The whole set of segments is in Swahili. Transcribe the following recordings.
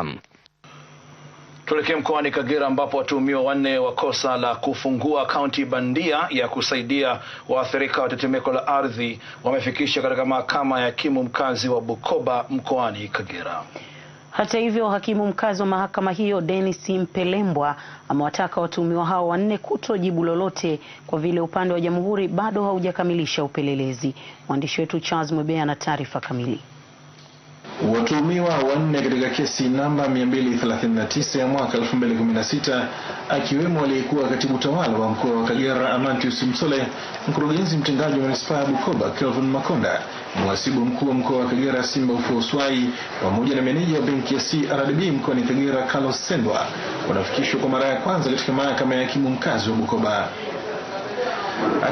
Um. Tuelekee mkoani Kagera ambapo watuhumiwa wanne wa kosa la kufungua akaunti bandia ya kusaidia waathirika wa tetemeko la ardhi wamefikisha katika mahakama ya hakimu mkazi wa Bukoba mkoani Kagera. Hata hivyo, hakimu mkazi wa mahakama hiyo Dennis Mpelembwa amewataka watuhumiwa hao wanne kutojibu lolote kwa vile upande wa jamhuri bado haujakamilisha upelelezi. Mwandishi wetu Charles Mwebea ana taarifa kamili. Watuhumiwa wanne katika kesi namba 239 ya mwaka 2016 akiwemo aliyekuwa katibu tawala wa mkoa wa Kagera Amantius Msole, mkurugenzi mtendaji wa manispaa ya Bukoba Kelvin Makonda, mhasibu mkuu wa mkoa wa Kagera Simba Ufuoswai pamoja na meneja wa benki ya CRDB mkoani Kagera Carlos Sendwa wanafikishwa kwa mara ya kwanza katika mahakama ya hakimu mkazi wa Bukoba.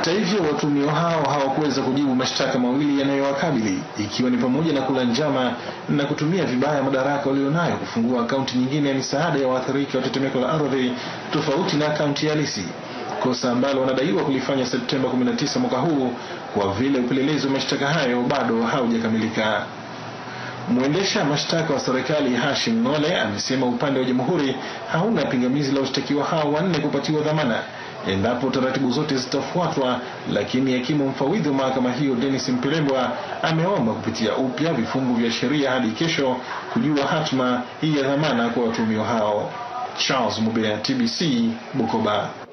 Hata hivyo, watumio hao hawakuweza kujibu mashtaka mawili yanayowakabili ikiwa ni pamoja na kula njama na kutumia vibaya madaraka walionayo kufungua akaunti nyingine ya misaada ya waathirika wa tetemeko la ardhi tofauti na akaunti halisi kosa ambalo wanadaiwa kulifanya Septemba 19 mwaka huu, kwa vile upelelezi wa mashtaka hayo bado haujakamilika. Mwendesha mashtaka wa serikali Hashim Nole amesema upande wa jamhuri hauna pingamizi la washtakiwa hao wanne kupatiwa dhamana endapo taratibu zote zitafuatwa, lakini hakimu mfawidhi wa mahakama hiyo Dennis Mpelembwa ameomba kupitia upya vifungu vya sheria hadi kesho kujua hatma hii ya dhamana kwa watuhumiwa hao. Charles Mubea, TBC, Bukoba.